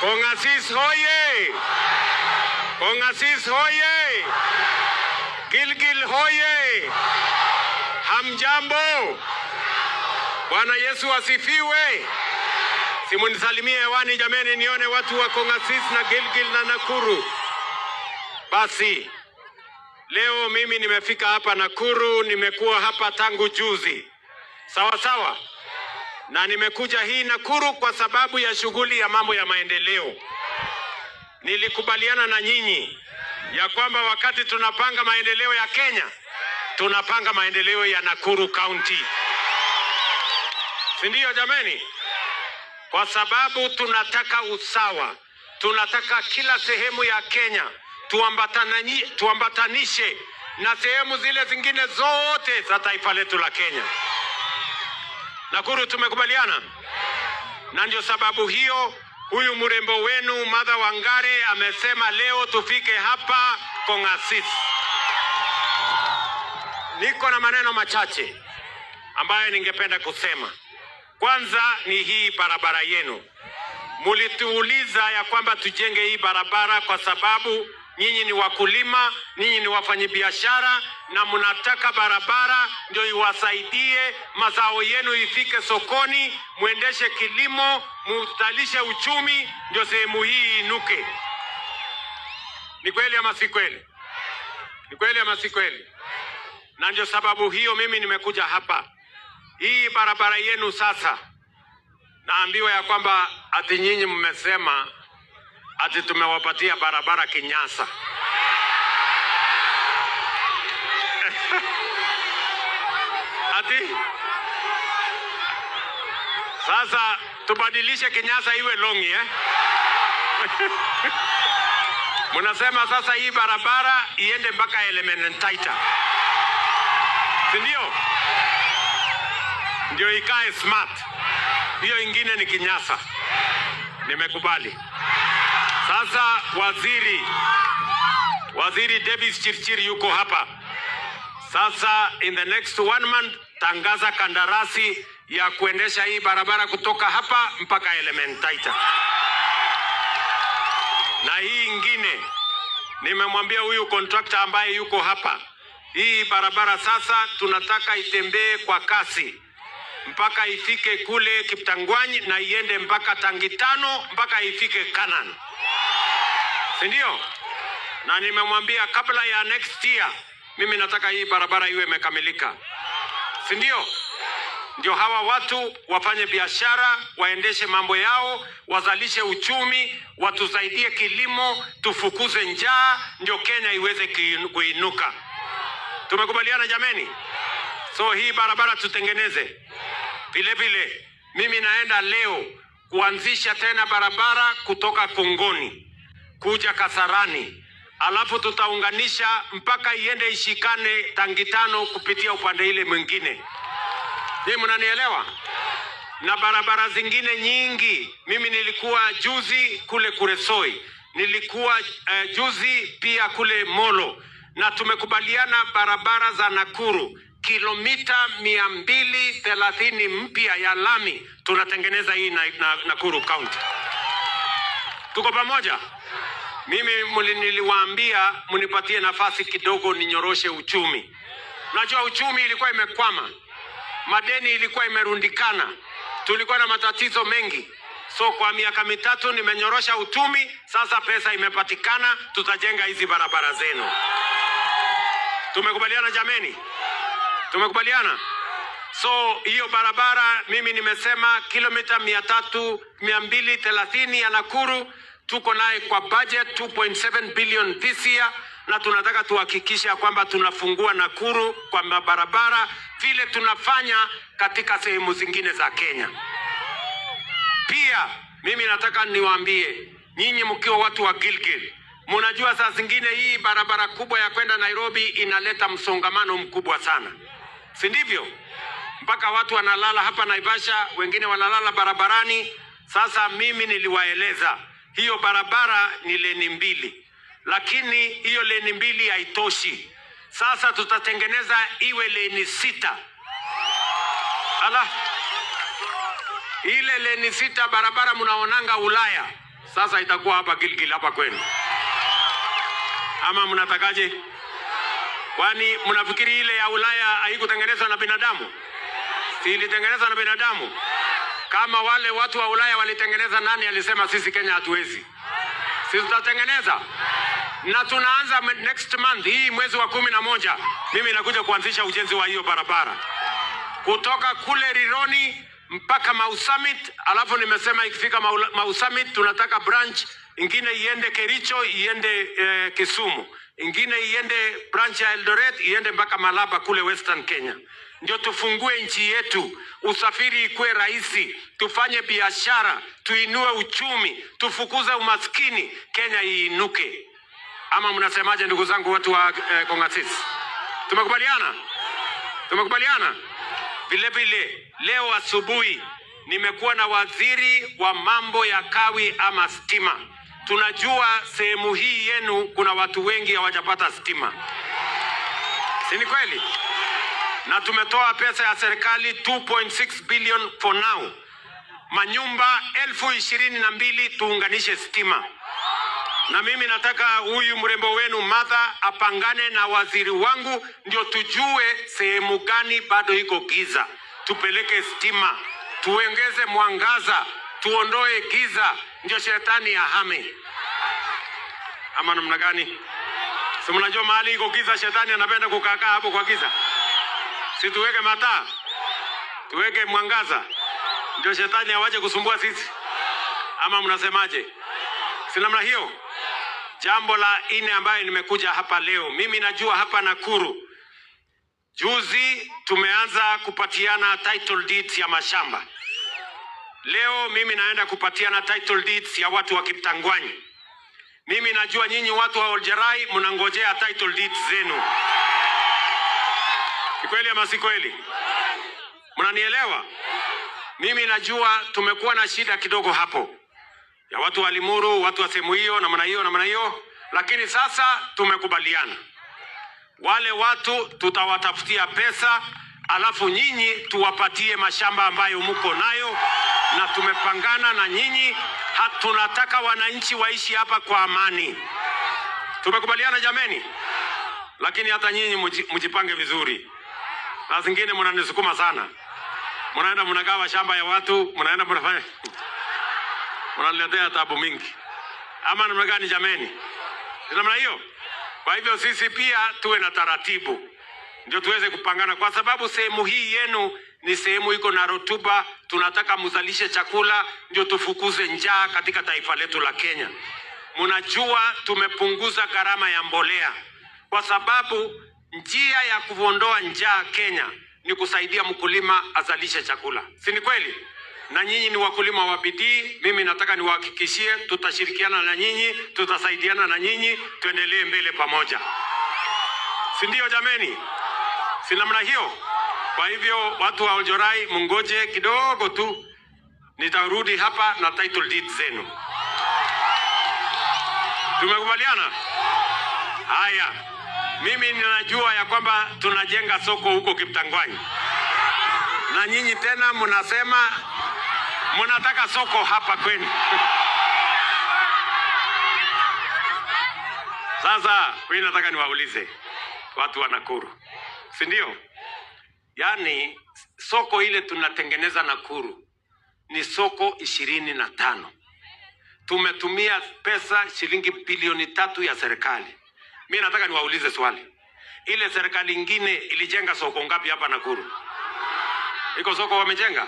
Con Asís hoye. Con Asís hoye. Gilgil hoye. Hamjambo. Bwana Yesu asifiwe. Simunisalimie hewani jameni, nione watu wa Kong'asis na Gilgil na Nakuru. Basi leo mimi nimefika hapa Nakuru, nimekuwa hapa tangu juzi, sawa sawa na nimekuja hii Nakuru kwa sababu ya shughuli ya mambo ya maendeleo. Nilikubaliana na nyinyi ya kwamba wakati tunapanga maendeleo ya Kenya tunapanga maendeleo ya Nakuru County, si ndio jameni? Kwa sababu tunataka usawa, tunataka kila sehemu ya Kenya tuambatanani, tuambatanishe na sehemu zile zingine zote za taifa letu la Kenya. Nakuru tumekubaliana na ndio sababu hiyo huyu mrembo wenu Madha Wangare amesema leo tufike hapa Kong'asis. Niko na maneno machache ambayo ningependa kusema. Kwanza ni hii barabara yenu. Mulituuliza ya kwamba tujenge hii barabara kwa sababu Nyinyi ni wakulima, nyinyi ni wafanyabiashara, na mnataka barabara ndio iwasaidie mazao yenu ifike sokoni, mwendeshe kilimo, mutalishe uchumi, ndio sehemu hii inuke. Ni kweli ama si kweli? Ni kweli ama si kweli? Na ndio sababu hiyo mimi nimekuja hapa. Hii barabara yenu sasa, naambiwa ya kwamba ati nyinyi mmesema ati tumewapatia barabara Kinyasa. ati sasa tubadilishe Kinyasa iwe Longi eh? Mnasema sasa hii barabara iende mpaka Elementaita, si ndio? Ndio ikae smart. Hiyo ingine ni Kinyasa. Nimekubali. Sasa waziri waziri Davis Chirchir yuko hapa sasa. In the next one month, tangaza kandarasi ya kuendesha hii barabara kutoka hapa mpaka Elementaita, na hii ingine nimemwambia huyu contractor ambaye yuko hapa, hii barabara sasa tunataka itembee kwa kasi mpaka ifike kule Kiptangwanyi na iende mpaka Tangitano mpaka ifike Kanan si ndio? Na nimemwambia kabla ya next year mimi nataka hii barabara iwe imekamilika, si ndio? Ndio hawa watu wafanye biashara, waendeshe mambo yao, wazalishe uchumi, watusaidie kilimo, tufukuze njaa, ndio Kenya iweze kuinuka. Tumekubaliana jameni? So hii barabara tutengeneze. Vile vile mimi naenda leo kuanzisha tena barabara kutoka Kongoni kuja Kasarani, alafu tutaunganisha mpaka iende ishikane tangi tano kupitia upande ile mwingine. Ni mnanielewa? Na barabara zingine nyingi. Mimi nilikuwa juzi kule Kuresoi, nilikuwa eh, juzi pia kule Molo, na tumekubaliana barabara za Nakuru kilomita mia mbili thelathini mpya ya lami tunatengeneza hii na, na, Nakuru County. Tuko pamoja? Mimi niliwaambia mnipatie nafasi kidogo ninyoroshe uchumi. Najua uchumi ilikuwa imekwama, madeni ilikuwa imerundikana, tulikuwa na matatizo mengi. So kwa miaka mitatu nimenyorosha uchumi, sasa pesa imepatikana, tutajenga hizi barabara zenu. Tumekubaliana jameni? Tumekubaliana? So hiyo barabara mimi nimesema kilomita mia tatu mia mbili thelathini ya Nakuru tuko naye kwa budget 2.7 billion this year, na tunataka tuhakikishe kwamba tunafungua Nakuru kwa mabarabara vile tunafanya katika sehemu zingine za Kenya. Pia mimi nataka niwaambie nyinyi mkiwa watu wa Gilgil, munajua saa zingine hii barabara kubwa ya kwenda Nairobi inaleta msongamano mkubwa sana, si ndivyo? Mpaka watu wanalala hapa Naivasha, wengine wanalala barabarani. Sasa mimi niliwaeleza hiyo barabara ni leni mbili, lakini hiyo leni mbili haitoshi. Sasa tutatengeneza iwe leni sita. Ala, ile leni sita barabara mnaonanga Ulaya, sasa itakuwa hapa Gilgil hapa kwenu, ama mnatakaje? Kwani mnafikiri ile ya Ulaya haikutengenezwa na binadamu? Si ilitengenezwa na binadamu? Kama wale watu wa Ulaya walitengeneza, nani alisema sisi Kenya hatuwezi? Sisi tutatengeneza na tunaanza next month hii mwezi wa kumi na moja, mimi nakuja kuanzisha ujenzi wa hiyo barabara kutoka kule Rironi mpaka Mau Summit. Alafu nimesema ikifika Mau Summit tunataka branch ingine iende Kericho, iende eh, Kisumu, ingine iende branch ya Eldoret, iende mpaka Malaba kule Western Kenya ndio tufungue nchi yetu, usafiri ikuwe rahisi, tufanye biashara, tuinue uchumi, tufukuze umaskini, Kenya iinuke. Ama mnasemaje, ndugu zangu, watu wa eh, Kongasis? Tumekubaliana, tumekubaliana. Vilevile leo asubuhi nimekuwa na waziri wa mambo ya kawi ama stima. Tunajua sehemu hii yenu kuna watu wengi hawajapata stima, si ni kweli? na tumetoa pesa ya serikali 2.6 billion for now, manyumba elfu ishirini na mbili tuunganishe stima. Na mimi nataka huyu mrembo wenu Martha apangane na waziri wangu, ndio tujue sehemu gani bado iko giza, tupeleke stima, tuongeze mwangaza, tuondoe giza, ndio shetani ahame. Ama namna gani? Si mnajua mahali iko giza, shetani anapenda kukaa hapo kwa giza si tuweke mataa, tuweke mwangaza, ndio shetani awache kusumbua sisi, ama mnasemaje? Si namna hiyo. Jambo la nne ambayo nimekuja hapa leo, mimi najua hapa Nakuru juzi tumeanza kupatiana title deeds ya mashamba. Leo mimi naenda kupatiana title deeds ya watu wa Kiptangwanyi. Mimi najua nyinyi watu wa Oljerai mnangojea title deeds zenu. Ni kweli ama si kweli? Mnanielewa? Mimi najua tumekuwa na shida kidogo hapo ya watu wa Limuru, watu wa sehemu hiyo, namna hiyo, namna hiyo, lakini sasa tumekubaliana wale watu tutawatafutia pesa, alafu nyinyi tuwapatie mashamba ambayo mko nayo, na tumepangana na nyinyi, tunataka wananchi waishi hapa kwa amani. Tumekubaliana jameni? Lakini hata nyinyi mjipange vizuri na ah, zingine mnanisukuma sana, mnaenda mnagawa shamba ya watu, mnaenda mnafanya, mnaniletea tabu mingi, ama namna gani jameni? Namna hiyo. Kwa hivyo sisi pia tuwe na taratibu, ndio tuweze kupangana, kwa sababu sehemu hii yenu ni sehemu iko na rutuba. Tunataka mzalishe chakula, ndio tufukuze njaa katika taifa letu la Kenya. Mnajua tumepunguza gharama ya mbolea kwa sababu Njia ya kuondoa njaa Kenya ni kusaidia mkulima azalishe chakula, si ni kweli? Na nyinyi ni wakulima wa bidii. Mimi nataka niwahakikishie, tutashirikiana na nyinyi, tutasaidiana na nyinyi, tuendelee mbele pamoja, si ndio? Jameni, si namna hiyo? Kwa hivyo watu wa Oljorai, mngoje kidogo tu, nitarudi hapa na title deed zenu. Tumekubaliana haya. Mimi ninajua ya kwamba tunajenga soko huko Kiptangwanyi, na nyinyi tena mnasema mnataka soko hapa kwenu. Sasa mimi nataka niwaulize watu wa Nakuru, si ndio? Yaani soko ile tunatengeneza Nakuru ni soko ishirini na tano. Tumetumia pesa shilingi bilioni tatu ya serikali mimi nataka niwaulize swali, ile serikali ingine ilijenga soko ngapi hapa Nakuru? Iko soko wamejenga?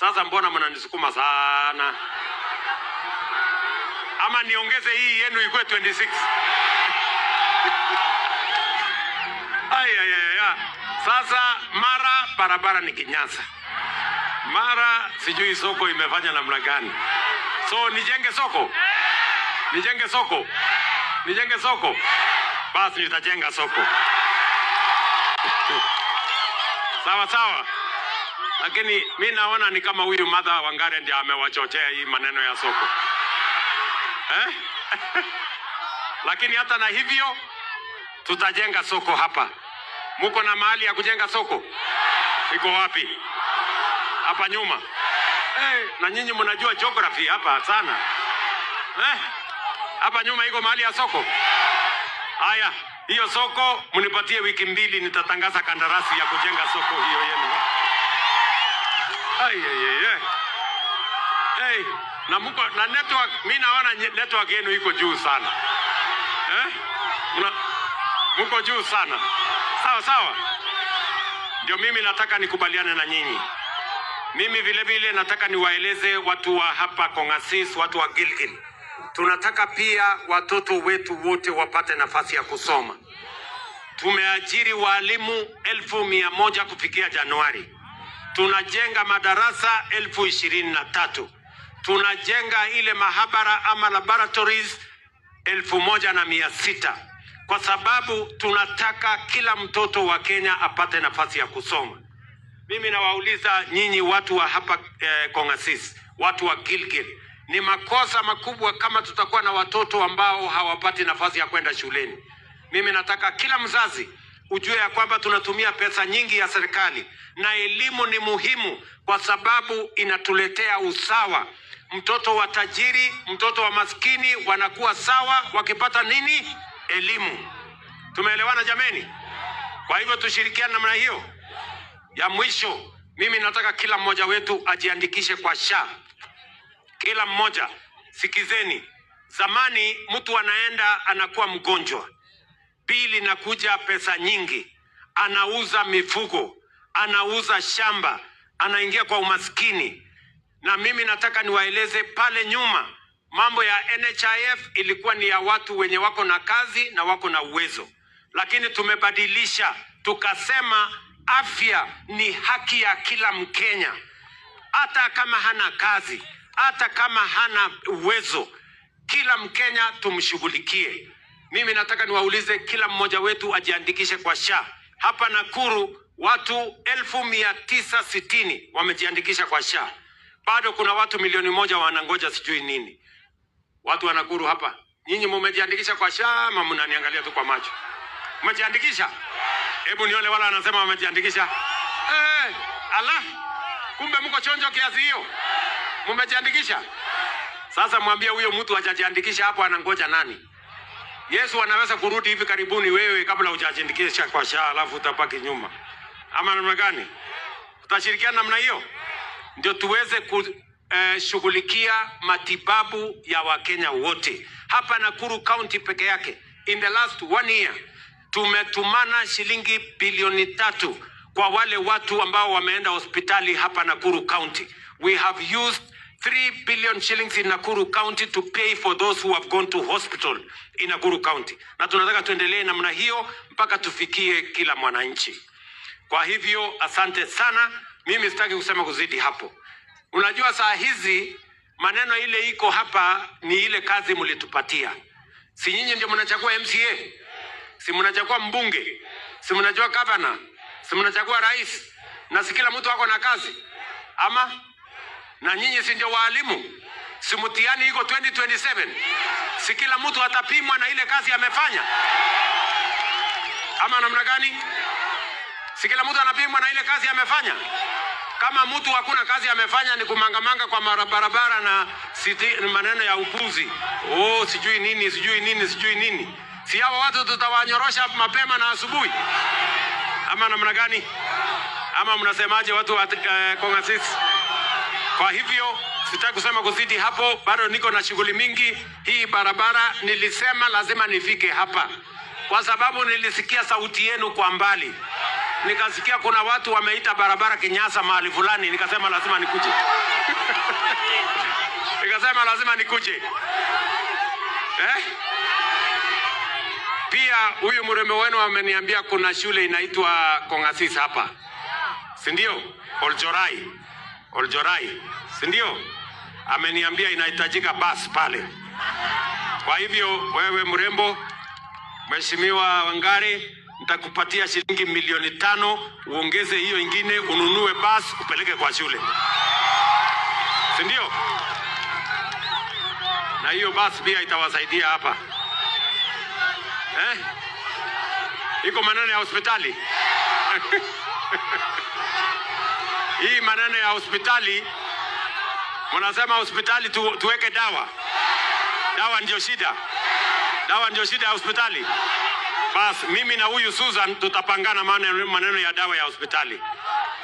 Sasa mbona mnanisukuma sana? Ama niongeze hii yenu ikuwe 26? Ay, ay, ay, ay. Sasa mara barabara ni kinyasa, mara sijui soko imefanya namna gani, so nijenge soko, nijenge soko nijenge soko? Basi nitajenga soko. sawa sawa, lakini mi naona ni kama huyu madha Wangare ndiye amewachochea hii maneno ya soko eh? lakini hata na hivyo tutajenga soko hapa. Muko na mahali ya kujenga soko? Iko wapi? Hapa nyuma. Hey, eh, na nyinyi mnajua geography hapa sana eh? hapa nyuma iko mahali ya soko. Haya, hiyo soko mnipatie wiki mbili, nitatangaza kandarasi ya kujenga soko hiyo yenu. Ayeyeye. Hey, na mko na network, mimi naona network yenu iko juu sana eh? Mna, mko juu sana sawa sawa. Ndio mimi nataka nikubaliane na nyinyi. Mimi vile vile nataka niwaeleze watu wa hapa Kongasis, watu wa Gilgil Tunataka pia watoto wetu wote wapate nafasi ya kusoma. Tumeajiri walimu elfu mia moja kufikia Januari. Tunajenga madarasa elfu ishirini na tatu. Tunajenga ile mahabara ama laboratories elfu moja na mia sita kwa sababu tunataka kila mtoto wa Kenya apate nafasi ya kusoma. Mimi nawauliza nyinyi watu wa hapa eh, Kongasis, watu wa Gilgil, ni makosa makubwa kama tutakuwa na watoto ambao hawapati nafasi ya kwenda shuleni. Mimi nataka kila mzazi ujue ya kwamba tunatumia pesa nyingi ya serikali, na elimu ni muhimu kwa sababu inatuletea usawa. Mtoto wa tajiri, mtoto wa maskini wanakuwa sawa wakipata nini? Elimu. Tumeelewana jameni? Kwa hivyo tushirikiane namna hiyo. Ya mwisho, mimi nataka kila mmoja wetu ajiandikishe kwa SHA. Kila mmoja sikizeni, zamani mtu anaenda anakuwa mgonjwa, bili nakuja pesa nyingi, anauza mifugo, anauza shamba, anaingia kwa umaskini. Na mimi nataka niwaeleze pale nyuma mambo ya NHIF ilikuwa ni ya watu wenye wako na kazi na wako na uwezo, lakini tumebadilisha tukasema afya ni haki ya kila Mkenya, hata kama hana kazi hata kama hana uwezo. Kila Mkenya tumshughulikie. Mimi nataka niwaulize kila mmoja wetu ajiandikishe kwa SHA. Hapa Nakuru watu elfu mia tisa sitini wamejiandikisha kwa SHA, bado kuna watu milioni moja wanangoja sijui nini. Watu wa Nakuru hapa, nyinyi mumejiandikisha kwa SHA ama mnaniangalia tu kwa macho? Mmejiandikisha? Hebu nione wala wanasema wamejiandikisha. Eh, ala, kumbe mko chonjo kiasi hiyo. Mumejiandikisha? Sasa mwambie huyo mtu hajajiandikisha hapo, anangoja nani? Yesu anaweza kurudi hivi karibuni, wewe kabla hujajiandikisha kwa sha alafu utapaki nyuma, ama namna gani? Tutashirikiana namna hiyo ndio tuweze kushughulikia eh, matibabu ya Wakenya wote hapa Nakuru County peke yake. In the last one year tumetumana shilingi bilioni tatu kwa wale watu ambao wameenda hospitali hapa Nakuru County. We have used 3 billion shillings in Nakuru County to pay for those who have gone to hospital in Nakuru County, na tunataka tuendelee namna hiyo mpaka tufikie kila mwananchi. Kwa hivyo asante sana, mimi sitaki kusema kuzidi hapo. Unajua saa hizi maneno ile iko hapa ni ile kazi mlitupatia, si nyinyi ndio mnachagua MCA, si mnachagua mbunge, si mnachagua governor? si mnachagua rais, na si kila mtu ako na kazi ama na nyinyi si ndio waalimu? Si mtihani iko 2027? Si kila mtu atapimwa na ile kazi amefanya, ama namna gani? Si kila mtu anapimwa na ile kazi amefanya. Kama mtu hakuna kazi amefanya, ni kumangamanga kwa barabara na siti, maneno ya upuzi oh, sijui nini sijui nini sijui nini. Si hao watu tutawanyorosha mapema na asubuhi, ama namna gani? Ama mnasemaje watu wa uh, eh, Kong'asisi? Kwa hivyo sitaki kusema kuzidi hapo, bado niko na shughuli mingi. Hii barabara nilisema lazima nifike hapa kwa sababu nilisikia sauti yenu kwa mbali, nikasikia kuna watu wameita barabara Kinyasa mahali fulani, nikasema lazima nikuje nikasema lazima nikuje eh? Pia huyu mrembo wenu ameniambia kuna shule inaitwa Kongasis hapa, si ndio? Oljorai. Oljorai, si ndio? Ameniambia inahitajika basi pale. Kwa hivyo wewe mrembo, Mheshimiwa Wangari, nitakupatia shilingi milioni tano uongeze hiyo ingine ununue basi upeleke kwa shule, si ndio? Na hiyo basi pia itawasaidia hapa eh? Iko maneno ya hospitali hii maneno ya hospitali, mnasema hospitali tu, tuweke dawa. Dawa ndio shida, dawa ndio shida ya hospitali. Basi mimi na huyu Susan tutapangana maneno ya dawa ya hospitali.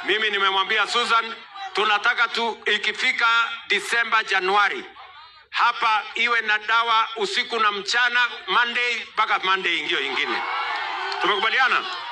Mimi nimemwambia Susan tunataka tu ikifika Disemba, Januari hapa iwe na dawa usiku na mchana, Monday mpaka Monday ingio ingine. Tumekubaliana?